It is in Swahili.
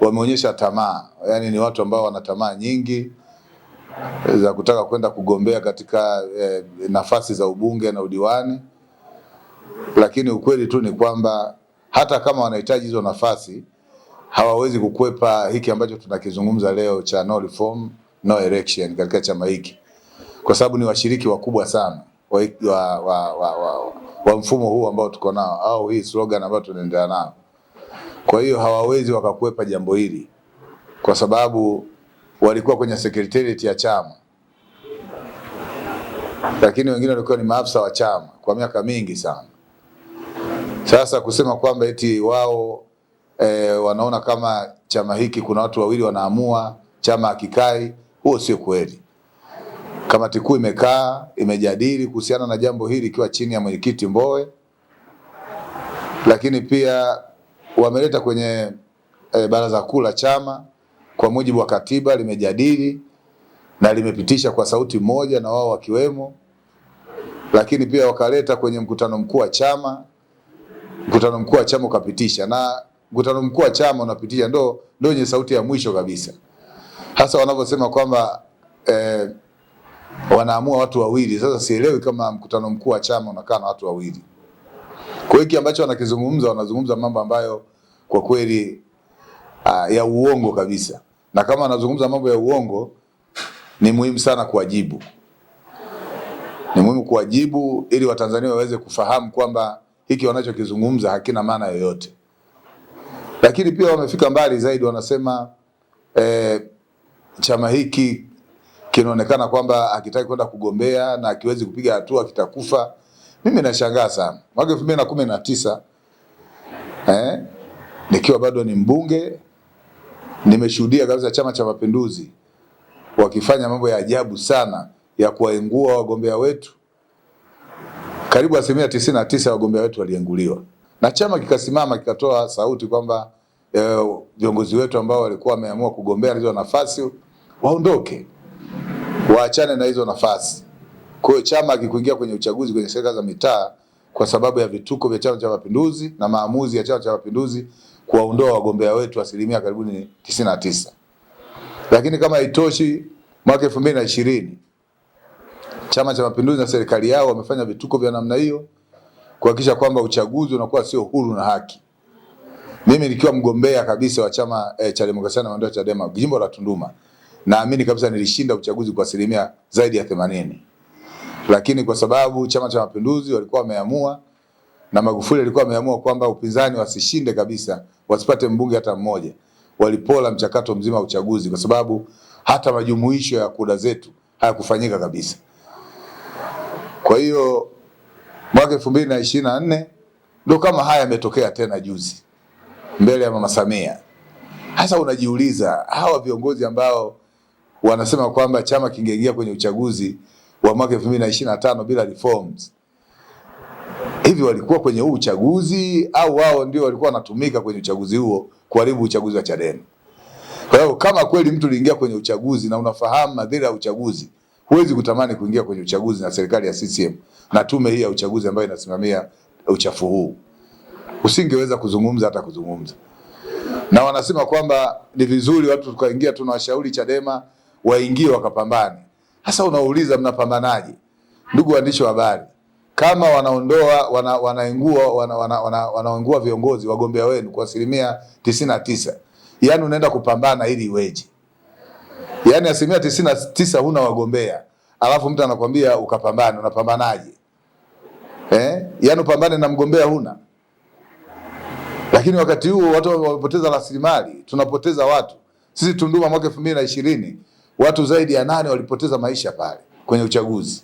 wameonyesha tamaa, yani ni watu ambao wana tamaa nyingi za kutaka kwenda kugombea katika eh, nafasi za ubunge na udiwani, lakini ukweli tu ni kwamba hata kama wanahitaji hizo nafasi hawawezi kukwepa hiki ambacho tunakizungumza leo cha no reform no election katika chama hiki, kwa sababu ni washiriki wakubwa sana wa, wa, wa, wa, wa, wa mfumo huu ambao tuko nao au hii slogan ambayo tunaendelea nao. Kwa hiyo hawawezi wakakwepa jambo hili kwa sababu walikuwa kwenye sekretarieti ya chama, lakini wengine walikuwa ni maafisa wa chama kwa miaka mingi sana. Sasa kusema kwamba eti wao e, wanaona kama chama hiki kuna watu wawili wanaamua chama hakikai, huo sio kweli. Kamati kuu imekaa imejadili kuhusiana na jambo hili ikiwa chini ya mwenyekiti Mbowe, lakini pia wameleta kwenye e, baraza kuu la chama kwa mujibu wa katiba, limejadili na limepitisha kwa sauti moja na wao wakiwemo, lakini pia wakaleta kwenye mkutano mkuu wa chama, mkutano mkuu wa chama ukapitisha, na mkutano mkuu wa chama unapitisha ndo ndo yenye sauti ya mwisho kabisa, hasa wanavyosema kwamba e, wanaamua watu wawili. Sasa sielewi kama mkutano mkuu wa chama unakaa na watu wawili. Kwa hiyo hiki ambacho wanakizungumza wanazungumza mambo ambayo kwa kweli uh, ya uongo kabisa, na kama wanazungumza mambo ya uongo ni muhimu sana kuwajibu, ni muhimu kuwajibu ili Watanzania waweze kufahamu kwamba hiki wanachokizungumza hakina maana yoyote. Lakini pia wamefika mbali zaidi, wanasema eh, chama hiki kinaonekana kwamba hakitaki kwenda kugombea na akiwezi kupiga hatua kitakufa. Mimi nashangaa sana mwaka elfu mbili na kumi na tisa eh, nikiwa bado ni mbunge, nimeshuhudia kabisa Chama cha Mapinduzi wakifanya mambo ya ajabu sana ya kuwaengua wagombea wetu. Karibu asilimia tisini na tisa wagombea wetu walienguliwa, na chama kikasimama kikatoa sauti kwamba eh, viongozi e, wetu ambao walikuwa wameamua kugombea hizo nafasi waondoke, waachane na hizo nafasi. Kwa hiyo chama kikuingia kwenye uchaguzi kwenye serikali za mitaa, kwa sababu ya vituko vya Chama cha Mapinduzi na maamuzi ya Chama cha Mapinduzi kuwaondoa wagombea wetu asilimia karibuni tisini na tisa. Lakini kama haitoshi, mwaka elfu mbili na ishirini Chama cha Mapinduzi na serikali yao wamefanya vituko vya namna hiyo kuhakikisha kwamba uchaguzi unakuwa sio huru na haki. Mimi nikiwa mgombea kabisa wa chama eh, cha demokrasia na maendeleo Chadema jimbo la Tunduma, naamini kabisa nilishinda uchaguzi kwa asilimia zaidi ya themanini lakini kwa sababu Chama cha Mapinduzi walikuwa wameamua na Magufuli alikuwa ameamua kwamba upinzani wasishinde kabisa, wasipate mbunge hata mmoja, walipola mchakato mzima wa uchaguzi, kwa sababu hata majumuisho ya kura zetu hayakufanyika kabisa. Kwa hiyo mwaka elfu mbili na ishirini na nne ndo kama haya yametokea tena juzi mbele ya Mama Samia. Hasa unajiuliza hawa viongozi ambao wanasema kwamba chama kingeingia kwenye uchaguzi wa mwaka 2025 bila reforms. Hivi walikuwa kwenye huu uchaguzi au wao ndio walikuwa wanatumika kwenye uchaguzi huo kuharibu uchaguzi wa Chadema? Kwa hiyo kama kweli mtu uliingia kwenye uchaguzi na unafahamu madhira ya uchaguzi, huwezi kutamani kuingia kwenye uchaguzi na serikali ya CCM na tume hii ya uchaguzi ambayo inasimamia uchafu huu, usingeweza kuzungumza hata kuzungumza. Na wanasema kwamba ni vizuri watu tukaingia, tunawashauri Chadema waingie wakapambane. Sasa unauliza mnapambanaje? Ndugu waandishi wa habari, kama wanaondoa wana, wanaingua wana, wana, wana, wana viongozi wagombea wenu kwa asilimia tisini na tisa, yaani unaenda kupambana ili iweje? Yaani asilimia tisini na tisa huna wagombea, alafu mtu anakwambia ukapambane. Unapambanaje eh? Yaani upambane na mgombea huna, lakini wakati huo watu wamepoteza rasilimali, tunapoteza watu sisi. Tunduma mwaka elfu mbili na ishirini Watu zaidi ya nane walipoteza maisha pale kwenye uchaguzi.